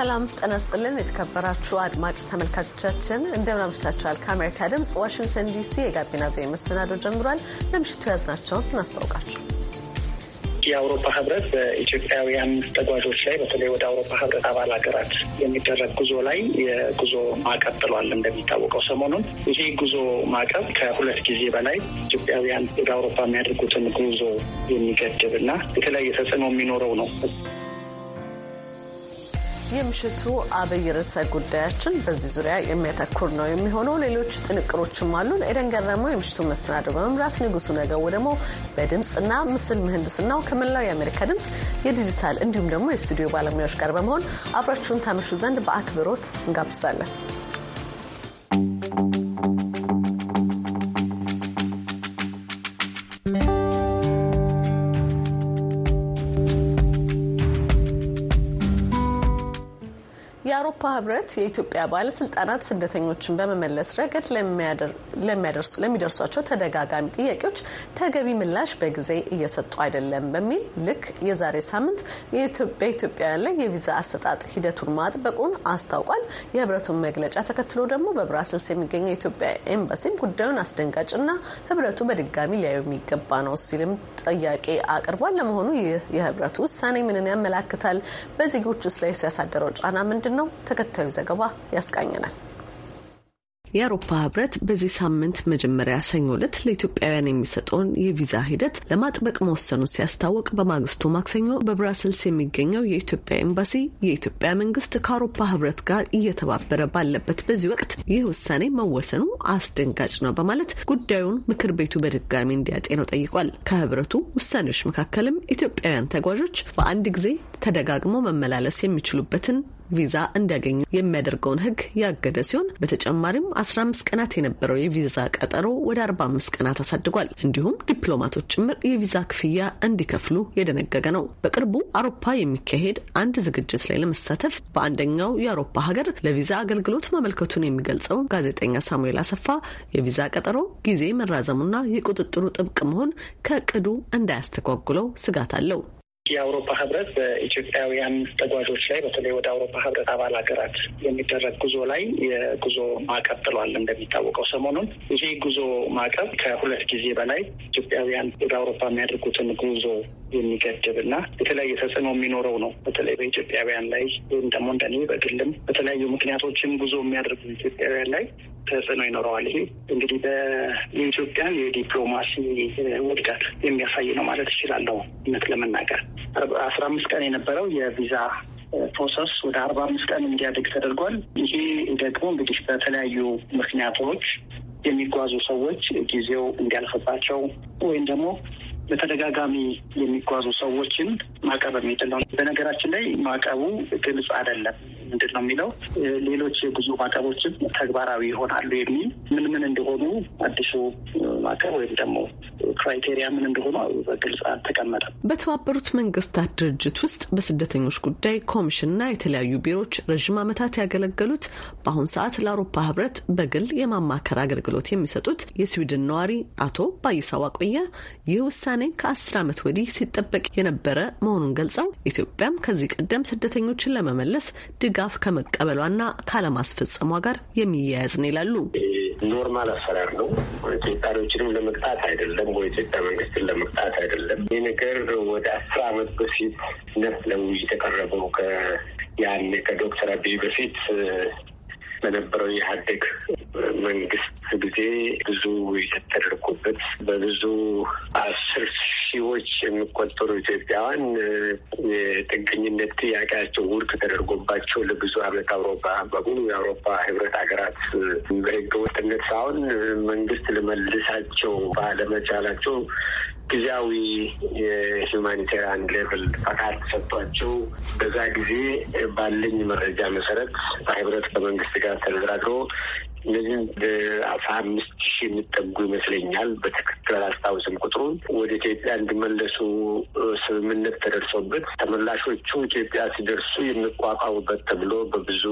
ሰላም ጠነስጥልን የተከበራችሁ አድማጭ ተመልካቾቻችን እንደምን አምሽታችኋል? ከአሜሪካ ድምፅ ዋሽንግተን ዲሲ የጋቢና ቤ መሰናዶ ጀምሯል። ለምሽቱ ያዝናቸውን እናስታውቃችሁ። የአውሮፓ ህብረት በኢትዮጵያውያን ተጓዦች ላይ በተለይ ወደ አውሮፓ ህብረት አባል ሀገራት የሚደረግ ጉዞ ላይ የጉዞ ማዕቀብ ጥሏል። እንደሚታወቀው ሰሞኑን ይሄ ጉዞ ማዕቀብ ከሁለት ጊዜ በላይ ኢትዮጵያውያን ወደ አውሮፓ የሚያደርጉትን ጉዞ የሚገድብ እና የተለያየ ተጽዕኖ የሚኖረው ነው። የምሽቱ አብይ ርዕሰ ጉዳያችን በዚህ ዙሪያ የሚያተኩር ነው የሚሆነው። ሌሎች ጥንቅሮችም አሉን። ኤደን ገረመው የምሽቱ መሰናደው በመምራት ንጉሱ ነገው ደግሞ በድምፅና ምስል ምህንድስናው ከመላው የአሜሪካ ድምፅ የዲጂታል እንዲሁም ደግሞ የስቱዲዮ ባለሙያዎች ጋር በመሆን አብራችሁን ታመሹ ዘንድ በአክብሮት እንጋብዛለን። የአውሮፓ ህብረት የኢትዮጵያ ባለስልጣናት ስደተኞችን በመመለስ ረገድ ለሚደርሷቸው ተደጋጋሚ ጥያቄዎች ተገቢ ምላሽ በጊዜ እየሰጡ አይደለም በሚል ልክ የዛሬ ሳምንት በኢትዮጵያውያን ላይ የቪዛ አሰጣጥ ሂደቱን ማጥበቁን አስታውቋል። የህብረቱን መግለጫ ተከትሎ ደግሞ በብራስልስ የሚገኘው የኢትዮጵያ ኤምባሲም ጉዳዩን አስደንጋጭና ህብረቱ በድጋሚ ሊያዩ የሚገባ ነው ሲልም ጥያቄ አቅርቧል። ለመሆኑ ይህ የህብረቱ ውሳኔ ምንን ያመላክታል? በዜጎች ውስጥ ላይ ሲያሳደረው ጫና ምንድን ነው? ተከታዩ ዘገባ ያስቃኘናል። የአውሮፓ ህብረት በዚህ ሳምንት መጀመሪያ ሰኞ ዕለት ለኢትዮጵያውያን የሚሰጠውን የቪዛ ሂደት ለማጥበቅ መወሰኑ ሲያስታወቅ በማግስቱ ማክሰኞ በብራስልስ የሚገኘው የኢትዮጵያ ኤምባሲ የኢትዮጵያ መንግስት ከአውሮፓ ህብረት ጋር እየተባበረ ባለበት በዚህ ወቅት ይህ ውሳኔ መወሰኑ አስደንጋጭ ነው በማለት ጉዳዩን ምክር ቤቱ በድጋሚ እንዲያጤነው ጠይቋል። ከህብረቱ ውሳኔዎች መካከልም ኢትዮጵያውያን ተጓዦች በአንድ ጊዜ ተደጋግሞ መመላለስ የሚችሉበትን ቪዛ እንዲያገኙ የሚያደርገውን ህግ ያገደ ሲሆን በተጨማሪም 15 ቀናት የነበረው የቪዛ ቀጠሮ ወደ 45 ቀናት አሳድጓል። እንዲሁም ዲፕሎማቶች ጭምር የቪዛ ክፍያ እንዲከፍሉ የደነገገ ነው። በቅርቡ አውሮፓ የሚካሄድ አንድ ዝግጅት ላይ ለመሳተፍ በአንደኛው የአውሮፓ ሀገር ለቪዛ አገልግሎት ማመልከቱን የሚገልጸው ጋዜጠኛ ሳሙኤል አሰፋ የቪዛ ቀጠሮ ጊዜ መራዘሙና የቁጥጥሩ ጥብቅ መሆን ከእቅዱ እንዳያስተጓጉለው ስጋት አለው። የአውሮፓ ህብረት በኢትዮጵያውያን ተጓዦች ላይ በተለይ ወደ አውሮፓ ህብረት አባል ሀገራት የሚደረግ ጉዞ ላይ የጉዞ ማዕቀብ ጥሏል። እንደሚታወቀው ሰሞኑን ይሄ ጉዞ ማዕቀብ ከሁለት ጊዜ በላይ ኢትዮጵያውያን ወደ አውሮፓ የሚያደርጉትን ጉዞ የሚገድብ እና የተለያየ ተጽዕኖ የሚኖረው ነው። በተለይ በኢትዮጵያውያን ላይ ወይም ደግሞ እንደኔ በግልም በተለያዩ ምክንያቶችም ጉዞ የሚያደርጉ ኢትዮጵያውያን ላይ ተጽዕኖ ይኖረዋል። ይሄ እንግዲህ በኢትዮጵያ የዲፕሎማሲ ውድቀት የሚያሳይ ነው ማለት እችላለሁ። እውነት ለመናገር አስራ አምስት ቀን የነበረው የቪዛ ፕሮሰስ ወደ አርባ አምስት ቀን እንዲያድግ ተደርጓል። ይሄ ደግሞ እንግዲህ በተለያዩ ምክንያቶች የሚጓዙ ሰዎች ጊዜው እንዲያልፍባቸው ወይም ደግሞ በተደጋጋሚ የሚጓዙ ሰዎችን ማዕቀብ የሚጥል ነው። በነገራችን ላይ ማዕቀቡ ግልጽ አይደለም። ምንድን ነው የሚለው ሌሎች የጉዞ ማዕቀቦችም ተግባራዊ ይሆናሉ የሚል ምን ምን እንደሆኑ አዲሱ ማዕቀብ ወይም ደግሞ ክራይቴሪያ ምን እንደሆኑ በግልጽ አልተቀመጠም። በተባበሩት መንግስታት ድርጅት ውስጥ በስደተኞች ጉዳይ ኮሚሽንና የተለያዩ ቢሮዎች ረዥም ዓመታት ያገለገሉት በአሁን ሰዓት ለአውሮፓ ህብረት በግል የማማከር አገልግሎት የሚሰጡት የስዊድን ነዋሪ አቶ ባይሳዋ ቆየ ይህ ውሳኔ ምጣኔ ከአስር ዓመት ወዲህ ሲጠበቅ የነበረ መሆኑን ገልጸው ኢትዮጵያም ከዚህ ቀደም ስደተኞችን ለመመለስ ድጋፍ ከመቀበሏና ካለማስፈጸሟ ጋር የሚያያዝ ነው ይላሉ። ኖርማል አሰራር ነው። ኢትዮጵያኖችንም ለመቅጣት አይደለም፣ ኢትዮጵያ መንግስትን ለመቅጣት አይደለም። ይህ ነገር ወደ አስር ዓመት በፊት ነፍ ለውይ የተቀረበው ከያን ከዶክተር አብይ በፊት በነበረው የኢህአዴግ መንግስት ጊዜ ብዙ የተደረጉበት በብዙ አስር ሺዎች የሚቆጠሩ ኢትዮጵያውያን የጥገኝነት ጥያቄያቸው ውድቅ ተደርጎባቸው ለብዙ ዓመት አውሮፓ በሙሉ የአውሮፓ ህብረት ሀገራት በህገ ወጥነት ሳይሆን መንግስት ልመልሳቸው ባለመቻላቸው ጊዜያዊ የሁማኒቴሪያን ሌቭል ፈቃድ ሰጥቷቸው በዛ ጊዜ ባለኝ መረጃ መሰረት በህብረት ከመንግስት ጋር ተደራድሮ እነዚህም ወደ አስራ አምስት ሺህ የሚጠጉ ይመስለኛል። በትክክል አስታውስም ቁጥሩን። ወደ ኢትዮጵያ እንዲመለሱ ስምምነት ተደርሶበት ተመላሾቹ ኢትዮጵያ ሲደርሱ የሚቋቋሙበት ተብሎ በብዙ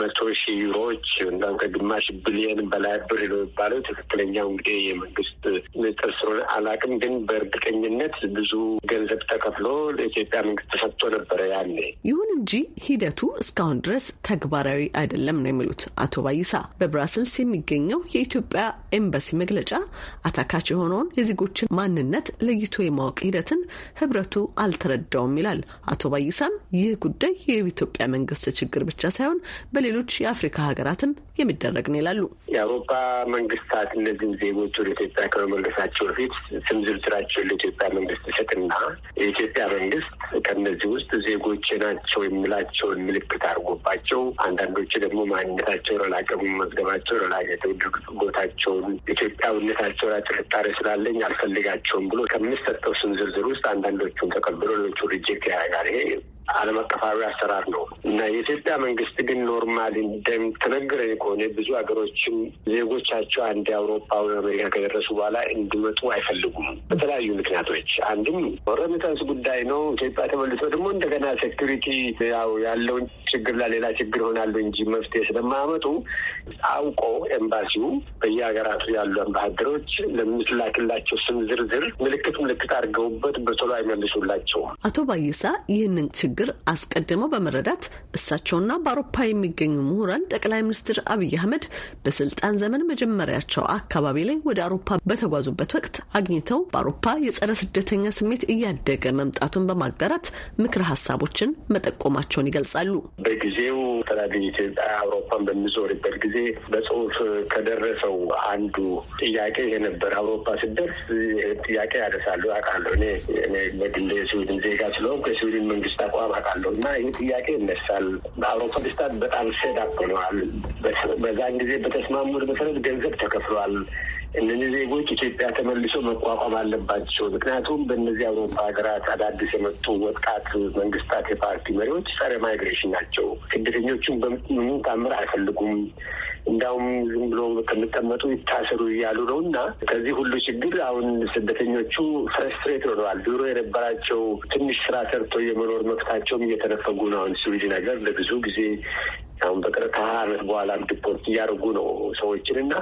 መቶ ሺህ ዩሮዎች እንዳውም ከግማሽ ቢሊየን በላይ ብር ነው የሚባለው። ትክክለኛው እንግዲህ የመንግስት ንጥር ስለሆነ አላውቅም፣ ግን በእርግጠኝነት ብዙ ገንዘብ ተከፍሎ ለኢትዮጵያ መንግስት ተሰጥቶ ነበረ ያኔ። ይሁን እንጂ ሂደቱ እስካሁን ድረስ ተግባራዊ አይደለም ነው የሚሉት አቶ ባይሳ በብራስልስ የሚገኘው የኢትዮጵያ ኤምባሲ መግለጫ አታካች የሆነውን የዜጎችን ማንነት ለይቶ የማወቅ ሂደትን ህብረቱ አልተረዳውም ይላል። አቶ ባይሳም ይህ ጉዳይ የኢትዮጵያ መንግስት ችግር ብቻ ሳይሆን በሌሎች የአፍሪካ ሀገራትም የሚደረግ ነው ይላሉ። የአውሮፓ መንግስታት እነዚህም ዜጎች ወደ ኢትዮጵያ ከመመለሳቸው በፊት ስም ዝርዝራቸውን ለኢትዮጵያ መንግስት ይሰጥና የኢትዮጵያ መንግስት ከእነዚህ ውስጥ ዜጎች ናቸው የሚላቸውን ምልክት አድርጎባቸው አንዳንዶቹ ደግሞ ማንነታቸው አላቀቡም መዝጋ ገንዘባቸው ለማግኘት ድርግ ቦታቸውን ኢትዮጵያዊነታቸውን ጥርጣሬ ስላለኝ አልፈልጋቸውም ብሎ ከሚሰጠው ስም ዝርዝር ውስጥ አንዳንዶቹን ተቀብሎ ሌሎቹ ሪጀክት ያደርጋል። ይሄ ዓለም አቀፋዊ አሰራር ነው እና የኢትዮጵያ መንግስት ግን ኖርማል እንደምትነግረኝ ከሆነ ብዙ ሀገሮችም ዜጎቻቸው አንድ የአውሮፓ ወይ አሜሪካ ከደረሱ በኋላ እንዲመጡ አይፈልጉም በተለያዩ ምክንያቶች። አንድም ሬሚታንስ ጉዳይ ነው። ኢትዮጵያ ተመልሶ ደግሞ እንደገና ሴኩሪቲ ያው ያለውን ችግር ለሌላ ችግር ይሆናሉ እንጂ መፍትሄ ስለማያመጡ አውቆ ኤምባሲው በየሀገራቱ ያሉ አምባሳደሮች ለምትላክላቸው ስም ዝርዝር ምልክት ምልክት አድርገውበት በቶሎ አይመልሱላቸውም። አቶ ባይሳ ይህንን ችግር አስቀድመው በመረዳት እሳቸውና በአውሮፓ የሚገኙ ምሁራን ጠቅላይ ሚኒስትር አብይ አህመድ በስልጣን ዘመን መጀመሪያቸው አካባቢ ላይ ወደ አውሮፓ በተጓዙበት ወቅት አግኝተው በአውሮፓ የጸረ ስደተኛ ስሜት እያደገ መምጣቱን በማጋራት ምክረ ሀሳቦችን መጠቆማቸውን ይገልጻሉ። በጊዜው በኋላ ኢትዮጵያ አውሮፓን በሚዞርበት ጊዜ በጽሁፍ ከደረሰው አንዱ ጥያቄ ይሄ ነበር። አውሮፓ ስደርስ ጥያቄ ያደርሳሉ አውቃለሁ። እኔ በግሌ ስዊድን ዜጋ ስለሆንኩ የስዊድን መንግስት አቋም አውቃለሁ እና ይህ ጥያቄ ይነሳል። በአውሮፓ ደስታት በጣም ሴድ አቅነዋል። በዛን ጊዜ በተስማሙት መሰረት ገንዘብ ተከፍሏል። እነዚህ ዜጎች ኢትዮጵያ ተመልሶ መቋቋም አለባቸው። ምክንያቱም በእነዚህ አውሮፓ ሀገራት አዳዲስ የመጡ ወጥቃት መንግስታት የፓርቲ መሪዎች ጸረ ማይግሬሽን ናቸው። ስደተኞቹ እነሱም በምንም ታምር አይፈልጉም። እንዳውም ዝም ብሎ ከሚቀመጡ ይታሰሩ እያሉ ነው እና ከዚህ ሁሉ ችግር አሁን ስደተኞቹ ፍረስትሬት ሆነዋል። ድሮ የነበራቸው ትንሽ ስራ ሰርቶ የመኖር መብታቸውም እየተነፈጉ ነው። አሁን ስዊድ ነገር ለብዙ ጊዜ አሁን በቅርብ ከሀያ ዓመት በኋላም ዲፖርት እያደርጉ ነው ሰዎችን እና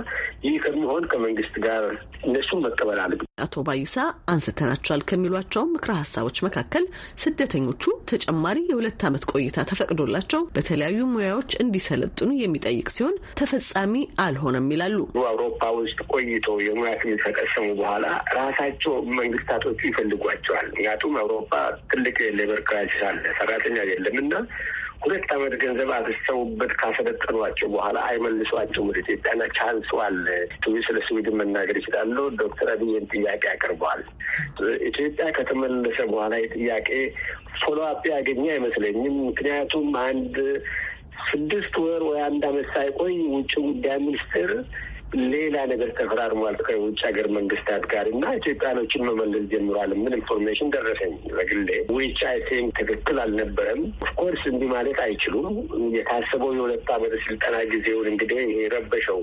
ይህ ከሚሆን ከመንግስት ጋር እነሱም መቀበል አለ። አቶ ባይሳ አንስተናቸዋል ከሚሏቸው ምክረ ሀሳቦች መካከል ስደተኞቹ ተጨማሪ የሁለት አመት ቆይታ ተፈቅዶላቸው በተለያዩ ሙያዎች እንዲሰለጥኑ የሚጠይቅ ሲሆን ተፈጻሚ አልሆነም ይላሉ። አውሮፓ ውስጥ ቆይቶ የሙያ ትምህርት ከቀሰሙ በኋላ ራሳቸው መንግስታቶቹ ይፈልጓቸዋል። ምክንያቱም አውሮፓ ትልቅ ሌበር ክራይሲስ አለ፣ ሰራተኛ የለም እና ሁለት ዓመት ገንዘብ አብዝተውበት ካሰለጠኗቸው በኋላ አይመልሷቸውም ወደ ኢትዮጵያና ቻንስ አለ። ስለ ስዊድን መናገር ይችላሉ። ዶክተር አብይን ጥያቄ አቅርበዋል። ኢትዮጵያ ከተመለሰ በኋላ የጥያቄ ፎሎ አፕ ያገኘ አይመስለኝም። ምክንያቱም አንድ ስድስት ወር ወይ አንድ ዓመት ሳይቆይ ውጭ ጉዳይ ሚኒስትር ሌላ ነገር ተፈራርሟል ከውጭ ሀገር መንግስታት ጋር እና ኢትዮጵያኖችን መመለስ ጀምሯል። ምን ኢንፎርሜሽን ደረሰኝ በግሌ ዊች አይ ቲንክ ትክክል አልነበረም። ኦፍኮርስ እንዲህ ማለት አይችሉም። የታሰበው የሁለት ዓመት ስልጠና ጊዜውን እንግዲህ ረበሸው።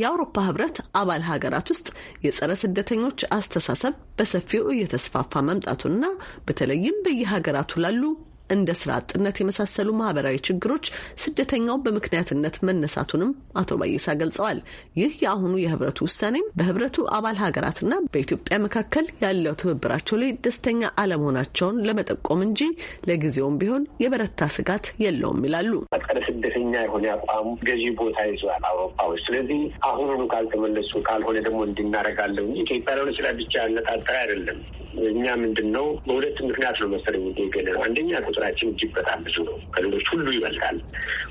የአውሮፓ ህብረት አባል ሀገራት ውስጥ የጸረ ስደተኞች አስተሳሰብ በሰፊው እየተስፋፋ መምጣቱና በተለይም በየሀገራቱ ላሉ እንደ ስራ አጥነት የመሳሰሉ ማህበራዊ ችግሮች ስደተኛው በምክንያትነት መነሳቱንም አቶ ባይሳ ገልጸዋል። ይህ የአሁኑ የህብረቱ ውሳኔም በህብረቱ አባል ሀገራትና በኢትዮጵያ መካከል ያለው ትብብራቸው ላይ ደስተኛ አለመሆናቸውን ለመጠቆም እንጂ ለጊዜውም ቢሆን የበረታ ስጋት የለውም ይላሉ። ቀደ ስደተኛ የሆነ አቋም ገዢ ቦታ ይዟል አውሮፓ ውስጥ። ስለዚህ አሁኑኑ ካልተመለሱ ካልሆነ ደግሞ እንድናረጋለው እንጂ ኢትዮጵያ ለሆነ ስራ ብቻ ያነጣጠረ አይደለም። እኛ ምንድን ነው በሁለት ምክንያት ነው መሰለኝ የገለ አንደኛ ቁጥራችን እጅግ በጣም ብዙ ነው። ከሌሎች ሁሉ ይበልጣል።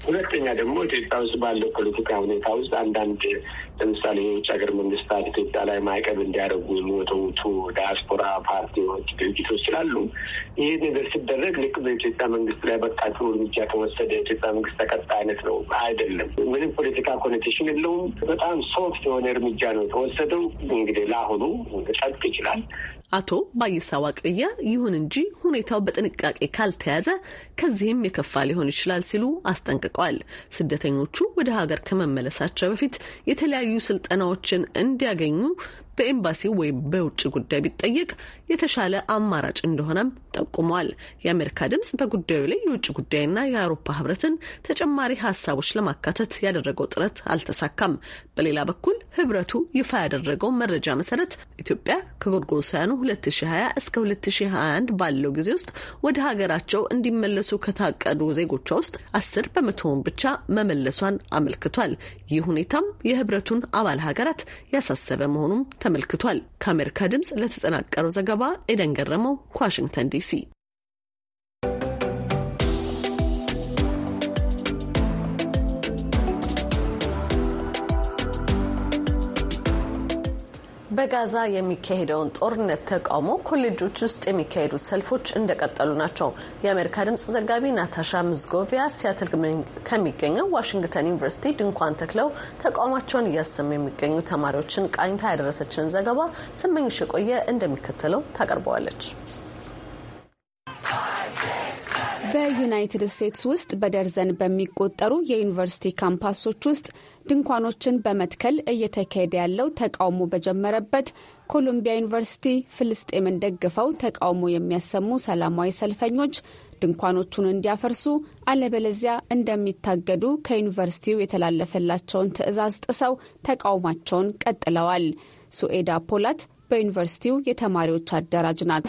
ሁለተኛ ደግሞ ኢትዮጵያ ውስጥ ባለው ፖለቲካ ሁኔታ ውስጥ አንዳንድ ለምሳሌ የውጭ ሀገር መንግስታት ኢትዮጵያ ላይ ማዕቀብ እንዲያደርጉ የሚወተውቱ ዳያስፖራ ፓርቲዎች፣ ድርጅቶች ስላሉ ይህ ነገር ሲደረግ ልክ በኢትዮጵያ መንግስት ላይ በቃ ጥሩ እርምጃ ከወሰደ ኢትዮጵያ መንግስት ተቀጣ አይነት ነው። አይደለም። ምንም ፖለቲካ ኮኔቴሽን የለውም። በጣም ሶፍት የሆነ እርምጃ ነው የተወሰደው። እንግዲህ ለአሁኑ ጸጥ ይችላል። አቶ ባይሳ ዋቅያ ይሁን እንጂ ሁኔታው በጥንቃቄ ካልተያዘ ከዚህም የከፋ ሊሆን ይችላል ሲሉ አስጠንቅቀዋል። ስደተኞቹ ወደ ሀገር ከመመለሳቸው በፊት የተለያዩ ስልጠናዎችን እንዲያገኙ በኤምባሲው ወይም በውጭ ጉዳይ ቢጠየቅ የተሻለ አማራጭ እንደሆነም ጠቁመዋል። የአሜሪካ ድምጽ በጉዳዩ ላይ የውጭ ጉዳይና የአውሮፓ ህብረትን ተጨማሪ ሀሳቦች ለማካተት ያደረገው ጥረት አልተሳካም። በሌላ በኩል ህብረቱ ይፋ ያደረገው መረጃ መሰረት ኢትዮጵያ ከጎርጎሮሳውያኑ 2020 እስከ 2021 ባለው ጊዜ ውስጥ ወደ ሀገራቸው እንዲመለሱ ከታቀዱ ዜጎቿ ውስጥ አስር በመቶውን ብቻ መመለሷን አመልክቷል። ይህ ሁኔታም የህብረቱን አባል ሀገራት ያሳሰበ መሆኑም ተ ተመልክቷል። ከአሜሪካ ድምፅ ለተጠናቀረው ዘገባ ኤደን ገረመው ከዋሽንግተን ዲሲ በጋዛ የሚካሄደውን ጦርነት ተቃውሞ ኮሌጆች ውስጥ የሚካሄዱት ሰልፎች እንደቀጠሉ ናቸው። የአሜሪካ ድምጽ ዘጋቢ ናታሻ ምዝጎቪያ ሲያትል ከሚገኘው ዋሽንግተን ዩኒቨርሲቲ ድንኳን ተክለው ተቃውሟቸውን እያሰሙ የሚገኙ ተማሪዎችን ቃኝታ ያደረሰችን ዘገባ ስመኝሽ የቆየ እንደሚከተለው ታቀርበዋለች። በዩናይትድ ስቴትስ ውስጥ በደርዘን በሚቆጠሩ የዩኒቨርሲቲ ካምፓሶች ውስጥ ድንኳኖችን በመትከል እየተካሄደ ያለው ተቃውሞ በጀመረበት ኮሎምቢያ ዩኒቨርሲቲ ፍልስጤምን ደግፈው ተቃውሞ የሚያሰሙ ሰላማዊ ሰልፈኞች ድንኳኖቹን እንዲያፈርሱ አለበለዚያ እንደሚታገዱ ከዩኒቨርሲቲው የተላለፈላቸውን ትዕዛዝ ጥሰው ተቃውሟቸውን ቀጥለዋል። ሱኤዳ ፖላት በዩኒቨርሲቲው የተማሪዎች አዳራጅ ናት።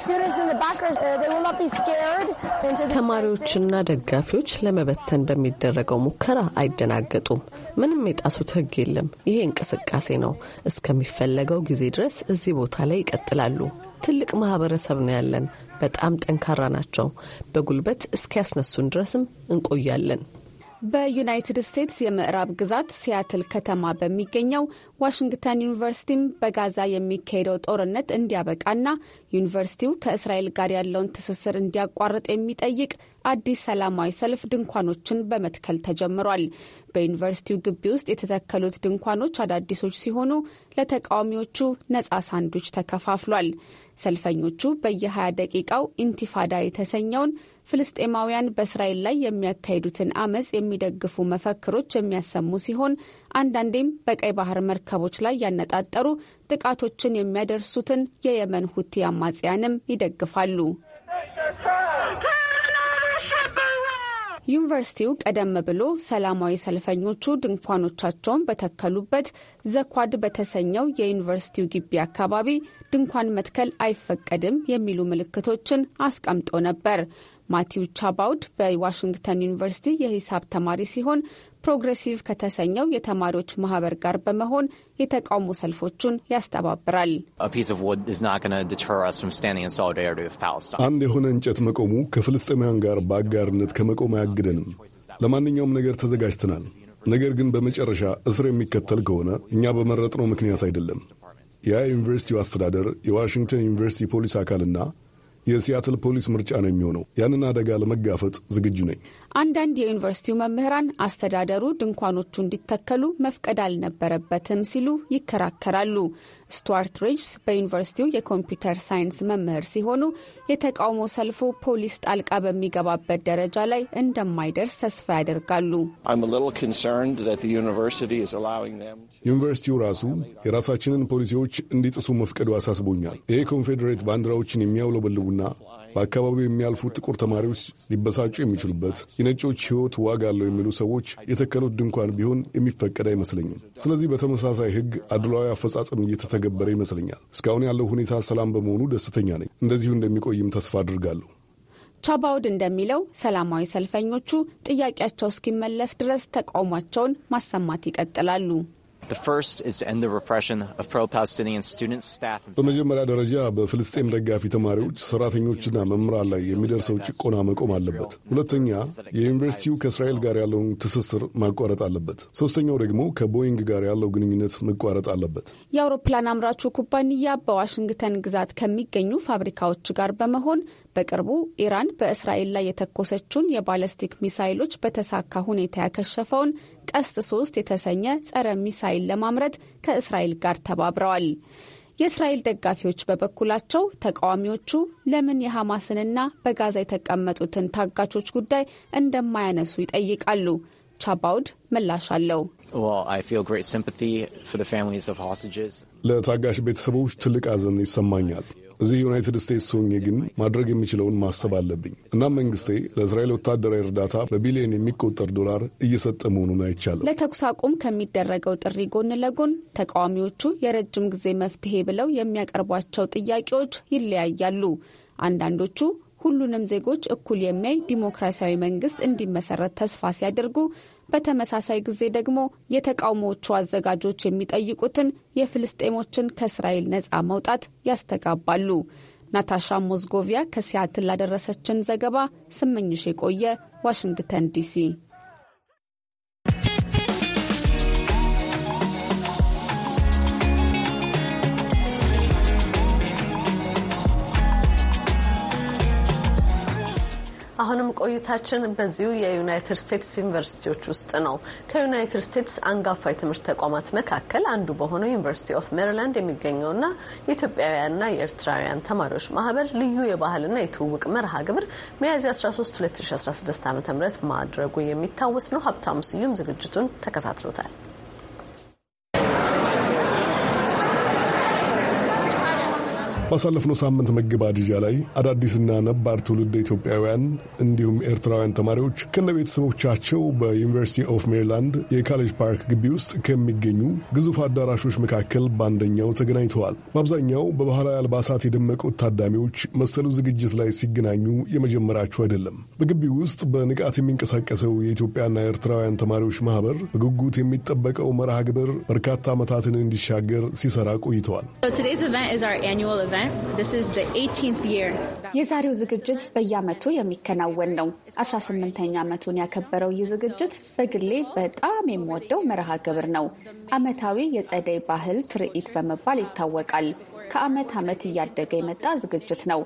ተማሪዎችና ደጋፊዎች ለመበተን በሚደረገው ሙከራ አይደናገጡም። ምንም የጣሱት ሕግ የለም። ይሄ እንቅስቃሴ ነው። እስከሚፈለገው ጊዜ ድረስ እዚህ ቦታ ላይ ይቀጥላሉ። ትልቅ ማህበረሰብ ነው ያለን። በጣም ጠንካራ ናቸው። በጉልበት እስኪያስነሱን ድረስም እንቆያለን። በዩናይትድ ስቴትስ የምዕራብ ግዛት ሲያትል ከተማ በሚገኘው ዋሽንግተን ዩኒቨርሲቲም በጋዛ የሚካሄደው ጦርነት እንዲያበቃና ዩኒቨርሲቲው ከእስራኤል ጋር ያለውን ትስስር እንዲያቋርጥ የሚጠይቅ አዲስ ሰላማዊ ሰልፍ ድንኳኖችን በመትከል ተጀምሯል። በዩኒቨርሲቲው ግቢ ውስጥ የተተከሉት ድንኳኖች አዳዲሶች ሲሆኑ ለተቃዋሚዎቹ ነጻ ሳንዱች ተከፋፍሏል። ሰልፈኞቹ በየ20 ደቂቃው ኢንቲፋዳ የተሰኘውን ፍልስጤማውያን በእስራኤል ላይ የሚያካሂዱትን አመፅ የሚደግፉ መፈክሮች የሚያሰሙ ሲሆን አንዳንዴም በቀይ ባህር መርከቦች ላይ ያነጣጠሩ ጥቃቶችን የሚያደርሱትን የየመን ሁቲ አማጽያንም ይደግፋሉ። ዩኒቨርሲቲው ቀደም ብሎ ሰላማዊ ሰልፈኞቹ ድንኳኖቻቸውን በተከሉበት ዘኳድ በተሰኘው የዩኒቨርሲቲው ግቢ አካባቢ ድንኳን መትከል አይፈቀድም የሚሉ ምልክቶችን አስቀምጦ ነበር። ማቲው ቻባውድ በዋሽንግተን ዩኒቨርሲቲ የሂሳብ ተማሪ ሲሆን ፕሮግሬሲቭ ከተሰኘው የተማሪዎች ማህበር ጋር በመሆን የተቃውሞ ሰልፎቹን ያስተባብራል። አንድ የሆነ እንጨት መቆሙ ከፍልስጤማውያን ጋር በአጋርነት ከመቆም አያግደንም። ለማንኛውም ነገር ተዘጋጅተናል። ነገር ግን በመጨረሻ እስር የሚከተል ከሆነ እኛ በመረጥነው ምክንያት አይደለም። ያ ዩኒቨርሲቲው አስተዳደር የዋሽንግተን ዩኒቨርሲቲ ፖሊስ አካልና የሲያትል ፖሊስ ምርጫ ነው የሚሆነው። ያንን አደጋ ለመጋፈጥ ዝግጁ ነኝ። አንዳንድ የዩኒቨርሲቲው መምህራን አስተዳደሩ ድንኳኖቹ እንዲተከሉ መፍቀድ አልነበረበትም ሲሉ ይከራከራሉ። ስቱዋርት ሪጅስ በዩኒቨርሲቲው የኮምፒውተር ሳይንስ መምህር ሲሆኑ የተቃውሞ ሰልፉ ፖሊስ ጣልቃ በሚገባበት ደረጃ ላይ እንደማይደርስ ተስፋ ያደርጋሉ። ዩኒቨርሲቲው ራሱ የራሳችንን ፖሊሲዎች እንዲጥሱ መፍቀዱ አሳስቦኛል። ይሄ ኮንፌዴሬት ባንዲራዎችን የሚያውለበልቡና በአካባቢው የሚያልፉ ጥቁር ተማሪዎች ሊበሳጩ የሚችሉበት የነጮች ሕይወት ዋጋ አለው የሚሉ ሰዎች የተከሉት ድንኳን ቢሆን የሚፈቀድ አይመስለኝም። ስለዚህ በተመሳሳይ ሕግ አድሏዊ አፈጻጸም እየተተገበረ ይመስለኛል። እስካሁን ያለው ሁኔታ ሰላም በመሆኑ ደስተኛ ነኝ። እንደዚሁ እንደሚቆይም ተስፋ አድርጋለሁ። ቻባውድ እንደሚለው ሰላማዊ ሰልፈኞቹ ጥያቄያቸው እስኪመለስ ድረስ ተቃውሟቸውን ማሰማት ይቀጥላሉ። በመጀመሪያ ደረጃ በፍልስጤም ደጋፊ ተማሪዎች፣ ሰራተኞችና መምህራን ላይ የሚደርሰው ጭቆና መቆም አለበት። ሁለተኛ፣ የዩኒቨርሲቲው ከእስራኤል ጋር ያለውን ትስስር ማቋረጥ አለበት። ሶስተኛው ደግሞ ከቦይንግ ጋር ያለው ግንኙነት መቋረጥ አለበት። የአውሮፕላን አምራቹ ኩባንያ በዋሽንግተን ግዛት ከሚገኙ ፋብሪካዎች ጋር በመሆን በቅርቡ ኢራን በእስራኤል ላይ የተኮሰችውን የባለስቲክ ሚሳይሎች በተሳካ ሁኔታ ያከሸፈውን ቀስት ሶስት የተሰኘ ጸረ ሚሳይል ለማምረት ከእስራኤል ጋር ተባብረዋል። የእስራኤል ደጋፊዎች በበኩላቸው ተቃዋሚዎቹ ለምን የሐማስንና በጋዛ የተቀመጡትን ታጋቾች ጉዳይ እንደማያነሱ ይጠይቃሉ። ቻባውድ ምላሽ አለው። ለታጋሽ ቤተሰቦች ትልቅ ሐዘን ይሰማኛል። እዚህ ዩናይትድ ስቴትስ ሆኜ ግን ማድረግ የሚችለውን ማሰብ አለብኝ። እናም መንግስቴ ለእስራኤል ወታደራዊ እርዳታ በቢሊዮን የሚቆጠር ዶላር እየሰጠ መሆኑን አይቻለም። ለተኩስ አቁም ከሚደረገው ጥሪ ጎን ለጎን ተቃዋሚዎቹ የረጅም ጊዜ መፍትሄ ብለው የሚያቀርቧቸው ጥያቄዎች ይለያያሉ። አንዳንዶቹ ሁሉንም ዜጎች እኩል የሚያይ ዲሞክራሲያዊ መንግስት እንዲመሰረት ተስፋ ሲያደርጉ በተመሳሳይ ጊዜ ደግሞ የተቃውሞዎቹ አዘጋጆች የሚጠይቁትን የፍልስጤሞችን ከእስራኤል ነፃ መውጣት ያስተጋባሉ። ናታሻ ሞዝጎቪያ ከሲያትል ላደረሰችን ዘገባ ስመኝሽ የቆየ ዋሽንግተን ዲሲ አሁንም ቆይታችን በዚሁ የዩናይትድ ስቴትስ ዩኒቨርሲቲዎች ውስጥ ነው። ከዩናይትድ ስቴትስ አንጋፋ የትምህርት ተቋማት መካከል አንዱ በሆነው ዩኒቨርሲቲ ኦፍ ሜሪላንድ የሚገኘውና የኢትዮጵያውያንና የኤርትራውያን ተማሪዎች ማህበር ልዩ የባህልና የትውውቅ መርሃ ግብር ሚያዝያ 13 2016 ዓ ም ማድረጉ የሚታወስ ነው። ሀብታሙ ስዩም ዝግጅቱን ተከታትሎታል። ባሳለፍነው ሳምንት መገባደጃ ላይ አዳዲስና ነባር ትውልድ ኢትዮጵያውያን እንዲሁም ኤርትራውያን ተማሪዎች ከነ ቤተሰቦቻቸው በዩኒቨርሲቲ ኦፍ ሜሪላንድ የካሌጅ ፓርክ ግቢ ውስጥ ከሚገኙ ግዙፍ አዳራሾች መካከል በአንደኛው ተገናኝተዋል። በአብዛኛው በባህላዊ አልባሳት የደመቁት ታዳሚዎች መሰሉ ዝግጅት ላይ ሲገናኙ የመጀመራቸው አይደለም። በግቢው ውስጥ በንቃት የሚንቀሳቀሰው የኢትዮጵያና ኤርትራውያን ተማሪዎች ማህበር በጉጉት የሚጠበቀው መርሃ ግብር በርካታ ዓመታትን እንዲሻገር ሲሰራ ቆይተዋል። የዛሬው ዝግጅት በየአመቱ የሚከናወን ነው። 18ኛ ዓመቱን ያከበረው ይህ ዝግጅት በግሌ በጣም የምወደው መርሃ ግብር ነው። አመታዊ የጸደይ ባህል ትርኢት በመባል ይታወቃል። ከዓመት ዓመት እያደገ የመጣ ዝግጅት ነው።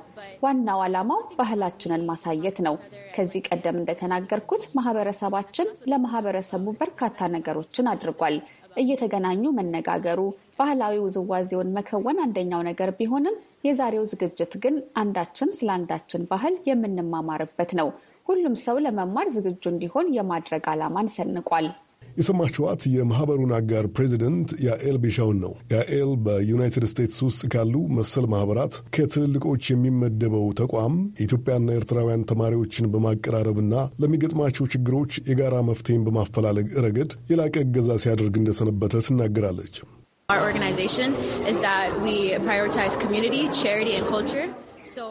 ዋናው ዓላማው ባህላችንን ማሳየት ነው። ከዚህ ቀደም እንደተናገርኩት ማህበረሰባችን ለማህበረሰቡ በርካታ ነገሮችን አድርጓል። እየተገናኙ መነጋገሩ፣ ባህላዊ ውዝዋዜውን መከወን አንደኛው ነገር ቢሆንም የዛሬው ዝግጅት ግን አንዳችን ስለ አንዳችን ባህል የምንማማርበት ነው። ሁሉም ሰው ለመማር ዝግጁ እንዲሆን የማድረግ ዓላማን ሰንቋል። የሰማችኋት የማህበሩን አጋር ፕሬዚደንት ያኤል ቤሻውን ነው። ያኤል በዩናይትድ ስቴትስ ውስጥ ካሉ መሰል ማህበራት ከትልልቆች የሚመደበው ተቋም ኢትዮጵያና ኤርትራውያን ተማሪዎችን በማቀራረብና ለሚገጥማቸው ችግሮች የጋራ መፍትሄን በማፈላለግ ረገድ የላቀ እገዛ ሲያደርግ እንደሰነበተ ትናገራለች።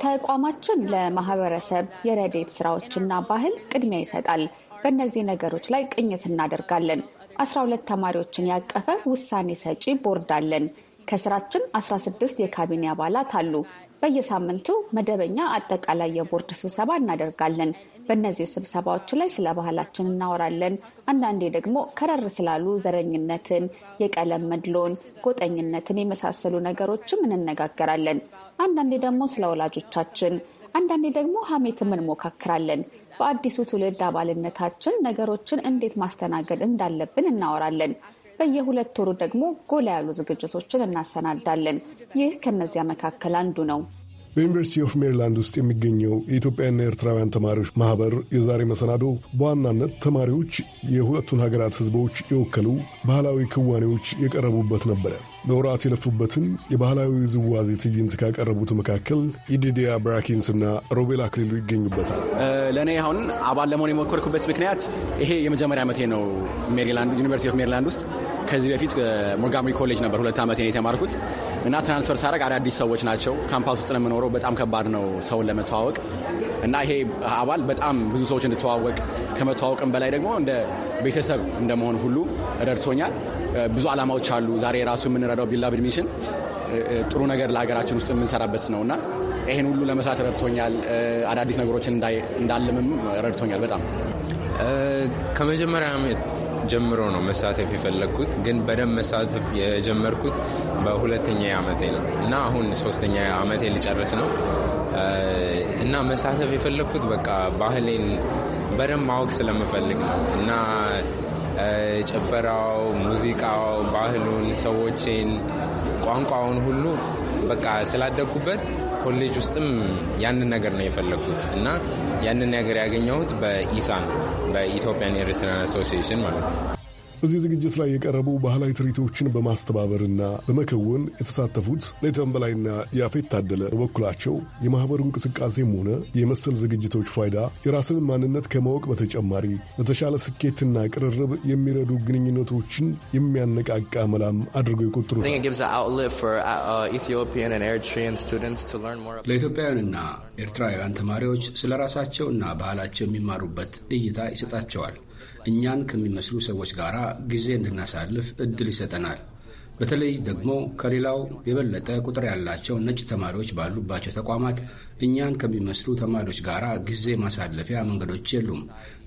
ተቋማችን ለማህበረሰብ የረዴት ስራዎችና ባህል ቅድሚያ ይሰጣል። በእነዚህ ነገሮች ላይ ቅኝት እናደርጋለን። 12 ተማሪዎችን ያቀፈ ውሳኔ ሰጪ ቦርድ አለን። ከስራችን 16 የካቢኔ አባላት አሉ። በየሳምንቱ መደበኛ አጠቃላይ የቦርድ ስብሰባ እናደርጋለን። በእነዚህ ስብሰባዎች ላይ ስለ ባህላችን እናወራለን። አንዳንዴ ደግሞ ከረር ስላሉ ዘረኝነትን፣ የቀለም መድሎን፣ ጎጠኝነትን የመሳሰሉ ነገሮችም እንነጋገራለን። አንዳንዴ ደግሞ ስለ ወላጆቻችን፣ አንዳንዴ ደግሞ ሀሜትም እንሞካክራለን። በአዲሱ ትውልድ አባልነታችን ነገሮችን እንዴት ማስተናገድ እንዳለብን እናወራለን። በየሁለት ወሩ ደግሞ ጎላ ያሉ ዝግጅቶችን እናሰናዳለን። ይህ ከነዚያ መካከል አንዱ ነው። በዩኒቨርሲቲ ኦፍ ሜሪላንድ ውስጥ የሚገኘው የኢትዮጵያና ኤርትራውያን ተማሪዎች ማህበር የዛሬ መሰናዶ በዋናነት ተማሪዎች የሁለቱን ሀገራት ህዝቦች የወከሉ ባህላዊ ክዋኔዎች የቀረቡበት ነበረ። መውራት የለፉበትን የባህላዊ ውዝዋዜ ትዕይንት ካቀረቡት መካከል ኢዲዲያ ብራኪንስና ሮቤል አክሊሉ ይገኙበታል። ለእኔ አሁን አባል ለመሆን የሞከርኩበት ምክንያት ይሄ የመጀመሪያ ዓመቴ ነው። ዩኒቨርሲቲ ኦፍ ሜሪላንድ ውስጥ ከዚህ በፊት ሞርጋምሪ ኮሌጅ ነበር ሁለት ዓመቴ የተማርኩት እና ትራንስፈር ሳረግ አዳዲስ ሰዎች ናቸው። ካምፓስ ውስጥ ነው የምኖረው። በጣም ከባድ ነው ሰውን ለመተዋወቅ እና ይሄ አባል በጣም ብዙ ሰዎች እንድተዋወቅ ከመተዋወቅም በላይ ደግሞ እንደ ቤተሰብ እንደመሆን ሁሉ ረድቶኛል። ብዙ ዓላማዎች አሉ ዛሬ ራሱ የምንረ የምንረዳው ቢልድ ሚሽን ጥሩ ነገር ለሀገራችን ውስጥ የምንሰራበት ነው እና ይህን ሁሉ ለመስራት ረድቶኛል። አዳዲስ ነገሮችን እንዳለምም ረድቶኛል። በጣም ከመጀመሪያ ጀምሮ ነው መሳተፍ የፈለግኩት፣ ግን በደንብ መሳተፍ የጀመርኩት በሁለተኛ ዓመቴ ነው እና አሁን ሶስተኛ ዓመቴ ልጨርስ ነው እና መሳተፍ የፈለግኩት በቃ ባህሌን በደንብ ማወቅ ስለምፈልግ ነው እና ጭፈራው፣ ሙዚቃው፣ ባህሉን፣ ሰዎችን፣ ቋንቋውን ሁሉ በቃ ስላደግኩበት ኮሌጅ ውስጥም ያንን ነገር ነው የፈለግኩት እና ያንን ነገር ያገኘሁት በኢሳን በኢትዮጵያን ኤርትራን አሶሲሽን ማለት ነው። በዚህ ዝግጅት ላይ የቀረቡ ባህላዊ ትርኢቶችን በማስተባበርና በመከወን የተሳተፉት ሌተን በላይና ያፌት ታደለ በበኩላቸው የማኅበሩ እንቅስቃሴም ሆነ የመሰል ዝግጅቶች ፋይዳ የራስን ማንነት ከማወቅ በተጨማሪ ለተሻለ ስኬትና ቅርርብ የሚረዱ ግንኙነቶችን የሚያነቃቃ መላም አድርገው ይቆጥሩ uh, ለኢትዮጵያውያንና ኤርትራውያን ተማሪዎች ስለ ራሳቸውና ባህላቸው የሚማሩበት እይታ ይሰጣቸዋል። እኛን ከሚመስሉ ሰዎች ጋር ጊዜ እንድናሳልፍ እድል ይሰጠናል። በተለይ ደግሞ ከሌላው የበለጠ ቁጥር ያላቸው ነጭ ተማሪዎች ባሉባቸው ተቋማት እኛን ከሚመስሉ ተማሪዎች ጋር ጊዜ ማሳለፊያ መንገዶች የሉም።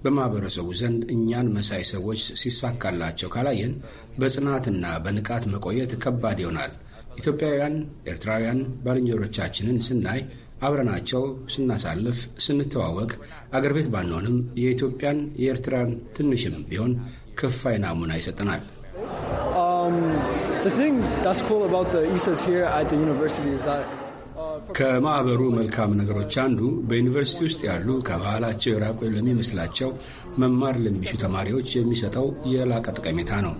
በማህበረሰቡ ዘንድ እኛን መሳይ ሰዎች ሲሳካላቸው ካላየን በጽናትና በንቃት መቆየት ከባድ ይሆናል። ኢትዮጵያውያን፣ ኤርትራውያን ባልንጀሮቻችንን ስናይ አብረናቸው ስናሳልፍ ስንተዋወቅ አገር ቤት ባንሆንም የኢትዮጵያን የኤርትራን ትንሽም ቢሆን ክፋይ ናሙና ይሰጠናል። um, e uh, ከማኅበሩ መልካም ነገሮች አንዱ በዩኒቨርሲቲ ውስጥ ያሉ ከባህላቸው የራቁ ለሚመስላቸው መማር ለሚሹ ተማሪዎች የሚሰጠው የላቀ ጠቀሜታ ነው።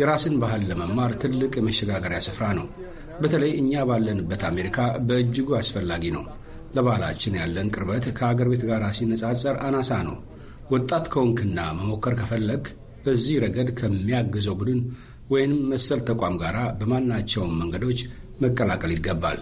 የራስን ባህል ለመማር ትልቅ የመሸጋገሪያ ስፍራ ነው። በተለይ እኛ ባለንበት አሜሪካ በእጅጉ አስፈላጊ ነው። ለባህላችን ያለን ቅርበት ከአገር ቤት ጋር ሲነጻጸር አናሳ ነው። ወጣት ከሆንክና መሞከር ከፈለግ በዚህ ረገድ ከሚያግዘው ቡድን ወይንም መሰል ተቋም ጋር በማናቸውም መንገዶች መቀላቀል ይገባል።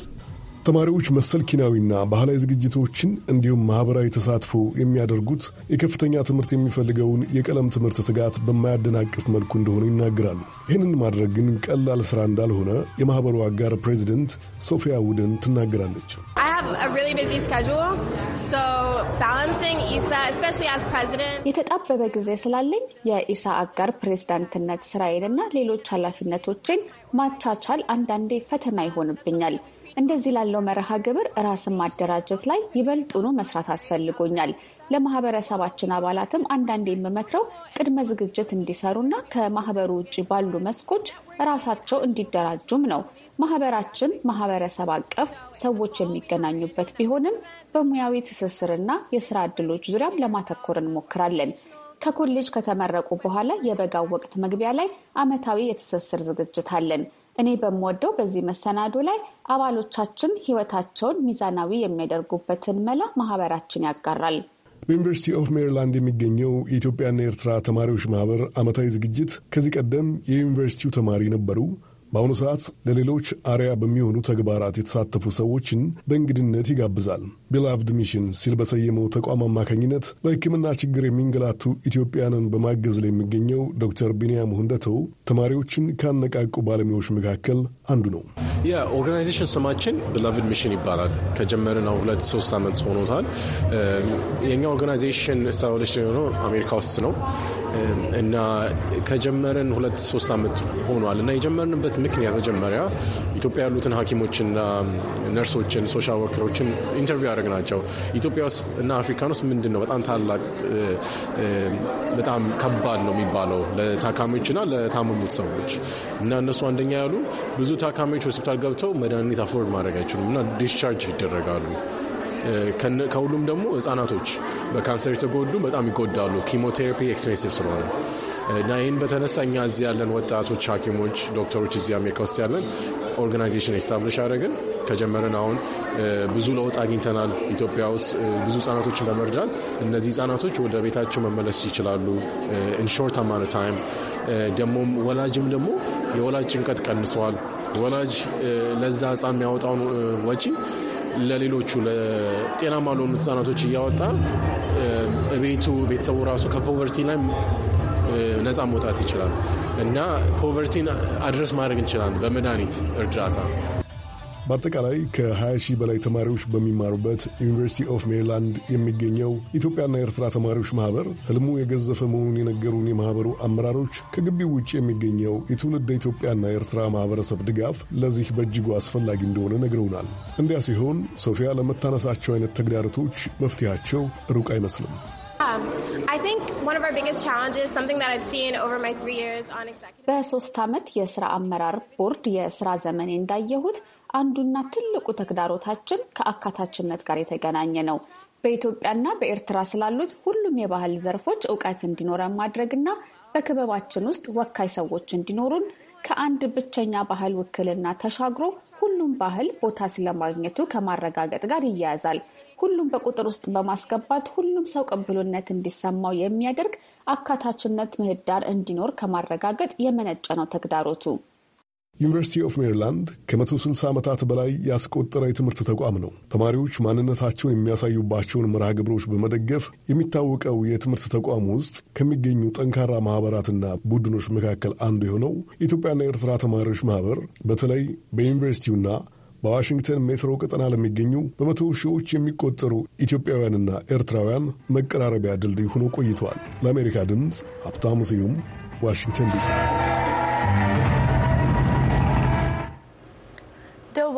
ተማሪዎች መሰል ኪናዊና ባህላዊ ዝግጅቶችን እንዲሁም ማህበራዊ ተሳትፎ የሚያደርጉት የከፍተኛ ትምህርት የሚፈልገውን የቀለም ትምህርት ትጋት በማያደናቅፍ መልኩ እንደሆነ ይናገራሉ። ይህንን ማድረግ ግን ቀላል ስራ እንዳልሆነ የማህበሩ አጋር ፕሬዚደንት ሶፊያ ውደን ትናገራለች። የተጣበበ ጊዜ ስላለኝ የኢሳ አጋር ፕሬዚዳንትነት ስራዬንና ሌሎች ኃላፊነቶችን ማቻቻል አንዳንዴ ፈተና ይሆንብኛል። እንደዚህ ላለው መርሃ ግብር ራስን ማደራጀት ላይ ይበልጡኑ መስራት አስፈልጎኛል። ለማህበረሰባችን አባላትም አንዳንድ የምመክረው ቅድመ ዝግጅት እንዲሰሩና ከማህበሩ ውጭ ባሉ መስኮች ራሳቸው እንዲደራጁም ነው። ማህበራችን ማህበረሰብ አቀፍ ሰዎች የሚገናኙበት ቢሆንም በሙያዊ ትስስርና የስራ እድሎች ዙሪያም ለማተኮር እንሞክራለን። ከኮሌጅ ከተመረቁ በኋላ የበጋው ወቅት መግቢያ ላይ አመታዊ የትስስር ዝግጅት አለን። እኔ በምወደው በዚህ መሰናዶ ላይ አባሎቻችን ህይወታቸውን ሚዛናዊ የሚያደርጉበትን መላ ማህበራችን ያጋራል። በዩኒቨርሲቲ ኦፍ ሜሪላንድ የሚገኘው የኢትዮጵያና ኤርትራ ተማሪዎች ማህበር ዓመታዊ ዝግጅት ከዚህ ቀደም የዩኒቨርሲቲው ተማሪ ነበሩ በአሁኑ ሰዓት ለሌሎች አርያ በሚሆኑ ተግባራት የተሳተፉ ሰዎችን በእንግድነት ይጋብዛል። ቢላቭድ ሚሽን ሲል በሰየመው ተቋም አማካኝነት በሕክምና ችግር የሚንገላቱ ኢትዮጵያንን በማገዝ ላይ የሚገኘው ዶክተር ቢንያም ሁንደተው ተማሪዎችን ካነቃቁ ባለሙያዎች መካከል አንዱ ነው። የኦርጋናይዜሽን ስማችን ቢላቭድ ሚሽን ይባላል። ከጀመርን ነው ሁለት ሶስት ዓመት ሆኖታል። የኛ ኦርጋናይዜሽን ስታብሊሽ የሆነው አሜሪካ ውስጥ ነው። እና ከጀመረን ሁለት ሶስት ዓመት ሆኗል እና የጀመርንበት ምክንያት መጀመሪያ ኢትዮጵያ ያሉትን ሐኪሞችና ነርሶችን ሶሻል ወርከሮችን ኢንተርቪው ያደረግናቸው ኢትዮጵያ ውስጥ እና አፍሪካን ውስጥ ምንድን ነው በጣም ታላቅ በጣም ከባድ ነው የሚባለው ለታካሚዎችና ለታመሙት ሰዎች እና እነሱ አንደኛ ያሉ ብዙ ታካሚዎች ሆስፒታል ገብተው መድኃኒት አፎርድ ማድረግ አይችሉም እና ዲስቻርጅ ይደረጋሉ። ከሁሉም ደግሞ ህጻናቶች በካንሰር የተጎዱ በጣም ይጎዳሉ፣ ኪሞቴራፒ ኤክስፔንሲቭ ስለሆነ እና ይህን በተነሳ እኛ እዚህ ያለን ወጣቶች፣ ሐኪሞች፣ ዶክተሮች እዚህ አሜሪካ ውስጥ ያለን ኦርጋናይዜሽን ኤስታብሊሽ አደረግን። ከጀመረን አሁን ብዙ ለውጥ አግኝተናል። ኢትዮጵያ ውስጥ ብዙ ህጻናቶችን በመርዳት እነዚህ ህጻናቶች ወደ ቤታቸው መመለስ ይችላሉ። ኢንሾርት አማን ታይም ደግሞ ወላጅም ደግሞ የወላጅ ጭንቀት ቀንሰዋል። ወላጅ ለዛ ህጻን የሚያወጣውን ወጪ ለሌሎቹ ለጤናማ ለሆኑ ህጻናቶች እያወጣ ቤቱ ቤተሰቡ ራሱ ከፖቨርቲ ላይ ነፃ መውጣት ይችላል እና ፖቨርቲን አድረስ ማድረግ እንችላለን በመድኃኒት እርዳታ። በአጠቃላይ ከ20 ሺህ በላይ ተማሪዎች በሚማሩበት ዩኒቨርሲቲ ኦፍ ሜሪላንድ የሚገኘው ኢትዮጵያና ኤርትራ ተማሪዎች ማህበር ህልሙ የገዘፈ መሆኑን የነገሩን የማህበሩ አመራሮች ከግቢው ውጭ የሚገኘው የትውልድ ኢትዮጵያና ኤርትራ ማህበረሰብ ድጋፍ ለዚህ በእጅጉ አስፈላጊ እንደሆነ ነግረውናል። እንዲያ ሲሆን ሶፊያ ለመታነሳቸው አይነት ተግዳሮቶች መፍትሄያቸው ሩቅ አይመስልም። um, በሶስት ዓመት የስራ አመራር ቦርድ የስራ ዘመኔ እንዳየሁት አንዱና ትልቁ ተግዳሮታችን ከአካታችነት ጋር የተገናኘ ነው። በኢትዮጵያና በኤርትራ ስላሉት ሁሉም የባህል ዘርፎች እውቀት እንዲኖረን ማድረግና በክበባችን ውስጥ ወካይ ሰዎች እንዲኖሩን ከአንድ ብቸኛ ባህል ውክልና ተሻግሮ ሁሉም ባህል ቦታ ስለማግኘቱ ከማረጋገጥ ጋር ይያያዛል። ሁሉም በቁጥር ውስጥ በማስገባት ሁሉም ሰው ቅብሉነት እንዲሰማው የሚያደርግ አካታችነት ምህዳር እንዲኖር ከማረጋገጥ የመነጨ ነው ተግዳሮቱ። ዩኒቨርሲቲ ኦፍ ሜሪላንድ ከ160 ዓመታት በላይ ያስቆጠረ የትምህርት ተቋም ነው። ተማሪዎች ማንነታቸውን የሚያሳዩባቸውን መርሃ ግብሮች በመደገፍ የሚታወቀው የትምህርት ተቋም ውስጥ ከሚገኙ ጠንካራ ማህበራትና ቡድኖች መካከል አንዱ የሆነው የኢትዮጵያና ኤርትራ ተማሪዎች ማህበር በተለይ በዩኒቨርሲቲውና በዋሽንግተን ሜትሮ ቀጠና ለሚገኙ በመቶ ሺዎች የሚቆጠሩ ኢትዮጵያውያንና ኤርትራውያን መቀራረቢያ ድልድይ ሆኖ ቆይተዋል። ለአሜሪካ ድምፅ ሀብታሙ ስዩም ዋሽንግተን ዲሲ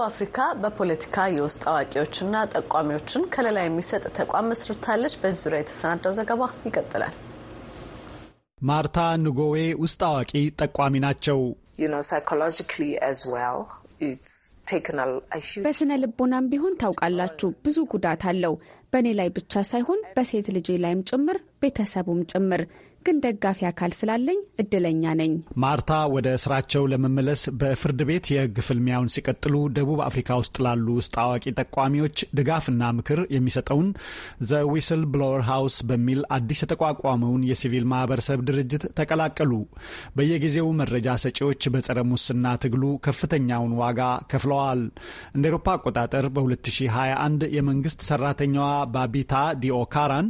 አፍሪካ በፖለቲካ የውስጥ አዋቂዎችና ጠቋሚዎችን ከለላ የሚሰጥ ተቋም መስርታለች። በዚህ ዙሪያ የተሰናዳው ዘገባ ይቀጥላል። ማርታ ንጎዌ ውስጥ አዋቂ ጠቋሚ ናቸው። በስነ ልቦናም ቢሆን ታውቃላችሁ፣ ብዙ ጉዳት አለው። በእኔ ላይ ብቻ ሳይሆን በሴት ልጄ ላይም ጭምር ቤተሰቡም ጭምር ግን ደጋፊ አካል ስላለኝ እድለኛ ነኝ። ማርታ ወደ ስራቸው ለመመለስ በፍርድ ቤት የህግ ፍልሚያውን ሲቀጥሉ ደቡብ አፍሪካ ውስጥ ላሉ ውስጥ አዋቂ ጠቋሚዎች ድጋፍና ምክር የሚሰጠውን ዘ ዊስል ብሎወር ሃውስ በሚል አዲስ የተቋቋመውን የሲቪል ማህበረሰብ ድርጅት ተቀላቀሉ። በየጊዜው መረጃ ሰጪዎች በጸረ ሙስና ትግሉ ከፍተኛውን ዋጋ ከፍለዋል። እንደ ኤሮፓ አቆጣጠር በ2021 የመንግስት ሰራተኛዋ ባቢታ ዲኦካራን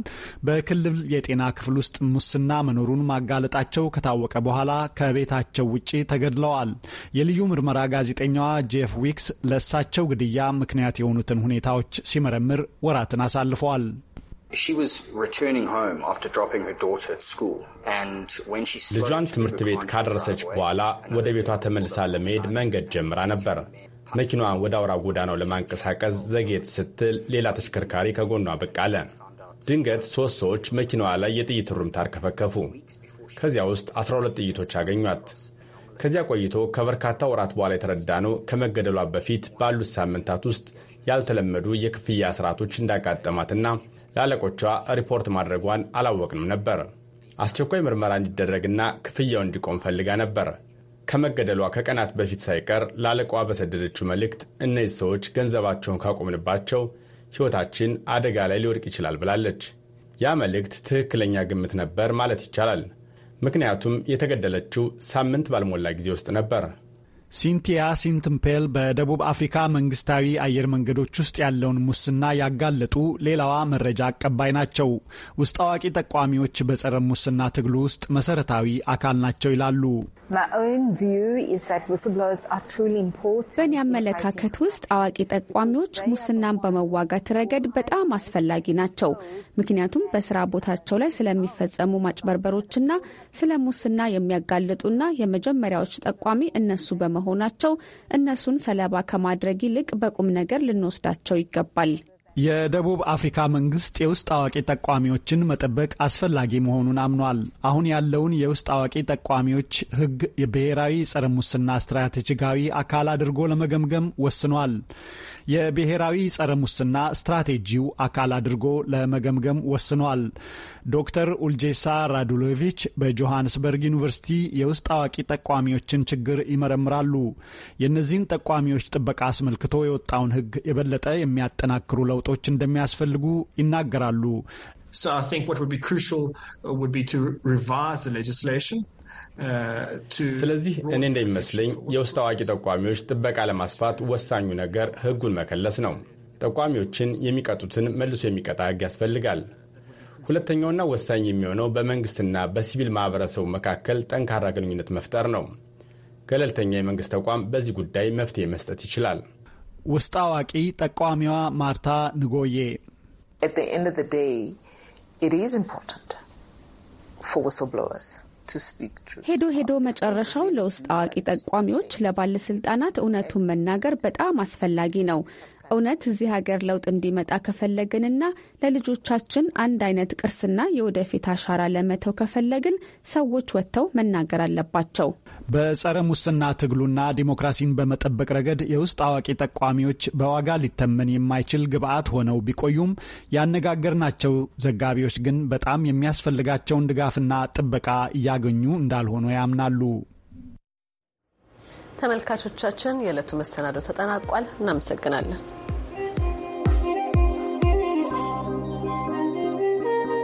በክልል የጤና ክፍል ውስጥ ሙስና መኖሩን ማጋለጣቸው ከታወቀ በኋላ ከቤታቸው ውጪ ተገድለዋል። የልዩ ምርመራ ጋዜጠኛዋ ጄፍ ዊክስ ለእሳቸው ግድያ ምክንያት የሆኑትን ሁኔታዎች ሲመረምር ወራትን አሳልፈዋል። ልጇን ትምህርት ቤት ካደረሰች በኋላ ወደ ቤቷ ተመልሳ ለመሄድ መንገድ ጀምራ ነበር። መኪናዋን ወደ አውራ ጎዳናው ለማንቀሳቀስ ዘጌት ስትል ሌላ ተሽከርካሪ ከጎኗ ብቅ አለ። ድንገት ሦስት ሰዎች መኪናዋ ላይ የጥይት ሩምታ አርከፈከፉ። ከዚያ ውስጥ 12 ጥይቶች አገኟት። ከዚያ ቆይቶ ከበርካታ ወራት በኋላ የተረዳ ነው ከመገደሏ በፊት ባሉት ሳምንታት ውስጥ ያልተለመዱ የክፍያ ስርዓቶች እንዳጋጠማትና ለአለቆቿ ሪፖርት ማድረጓን አላወቅንም ነበር። አስቸኳይ ምርመራ እንዲደረግና ክፍያው እንዲቆም ፈልጋ ነበር። ከመገደሏ ከቀናት በፊት ሳይቀር ለአለቋ በሰደደችው መልእክት እነዚህ ሰዎች ገንዘባቸውን ካቆምንባቸው ሕይወታችን አደጋ ላይ ሊወድቅ ይችላል ብላለች። ያ መልእክት ትክክለኛ ግምት ነበር ማለት ይቻላል። ምክንያቱም የተገደለችው ሳምንት ባልሞላ ጊዜ ውስጥ ነበር። ሲንቲያ ሲንትምፔል በደቡብ አፍሪካ መንግስታዊ አየር መንገዶች ውስጥ ያለውን ሙስና ያጋለጡ ሌላዋ መረጃ አቀባይ ናቸው። ውስጥ አዋቂ ጠቋሚዎች በጸረ ሙስና ትግሉ ውስጥ መሰረታዊ አካል ናቸው ይላሉ። በእኔ አመለካከት ውስጥ አዋቂ ጠቋሚዎች ሙስናን በመዋጋት ረገድ በጣም አስፈላጊ ናቸው። ምክንያቱም በስራ ቦታቸው ላይ ስለሚፈጸሙ ማጭበርበሮችና ስለ ሙስና የሚያጋልጡና የመጀመሪያዎች ጠቋሚ እነሱ በመሆ በመሆናቸው እነሱን ሰለባ ከማድረግ ይልቅ በቁም ነገር ልንወስዳቸው ይገባል። የደቡብ አፍሪካ መንግስት የውስጥ አዋቂ ጠቋሚዎችን መጠበቅ አስፈላጊ መሆኑን አምኗል። አሁን ያለውን የውስጥ አዋቂ ጠቋሚዎች ህግ የብሔራዊ ጸረ ሙስና ስትራቴጂካዊ አካል አድርጎ ለመገምገም ወስኗል። የብሔራዊ ጸረ ሙስና ስትራቴጂው አካል አድርጎ ለመገምገም ወስኗል። ዶክተር ኡልጄሳ ራዱሎቪች በጆሃንስበርግ ዩኒቨርሲቲ የውስጥ አዋቂ ጠቋሚዎችን ችግር ይመረምራሉ። የእነዚህን ጠቋሚዎች ጥበቃ አስመልክቶ የወጣውን ሕግ የበለጠ የሚያጠናክሩ ለውጦች እንደሚያስፈልጉ ይናገራሉ። So I think what would be crucial uh, would be to revise the legislation. Uh, ስለዚህ እኔ እንደሚመስለኝ የውስጥ አዋቂ ጠቋሚዎች ጥበቃ ለማስፋት ወሳኙ ነገር ህጉን መከለስ ነው። ጠቋሚዎችን የሚቀጡትን መልሶ የሚቀጣ ህግ ያስፈልጋል። ሁለተኛውና ወሳኝ የሚሆነው በመንግስትና በሲቪል ማህበረሰቡ መካከል ጠንካራ ግንኙነት መፍጠር ነው። ገለልተኛ የመንግስት ተቋም በዚህ ጉዳይ መፍትሄ መስጠት ይችላል። ውስጥ አዋቂ ጠቋሚዋ ማርታ ንጎዬ At the end of the day, it is important for whistleblowers ሄዶ ሄዶ መጨረሻው ለውስጥ አዋቂ ጠቋሚዎች፣ ለባለስልጣናት እውነቱን መናገር በጣም አስፈላጊ ነው። እውነት እዚህ ሀገር ለውጥ እንዲመጣ ከፈለግንና ለልጆቻችን አንድ አይነት ቅርስና የወደፊት አሻራ ለመተው ከፈለግን ሰዎች ወጥተው መናገር አለባቸው። በጸረ ሙስና ትግሉና ዲሞክራሲን በመጠበቅ ረገድ የውስጥ አዋቂ ጠቋሚዎች በዋጋ ሊተመን የማይችል ግብዓት ሆነው ቢቆዩም ያነጋገርናቸው ዘጋቢዎች ግን በጣም የሚያስፈልጋቸውን ድጋፍና ጥበቃ እያገኙ እንዳልሆኑ ያምናሉ። ተመልካቾቻችን፣ የዕለቱ መሰናዶ ተጠናቋል። እናመሰግናለን።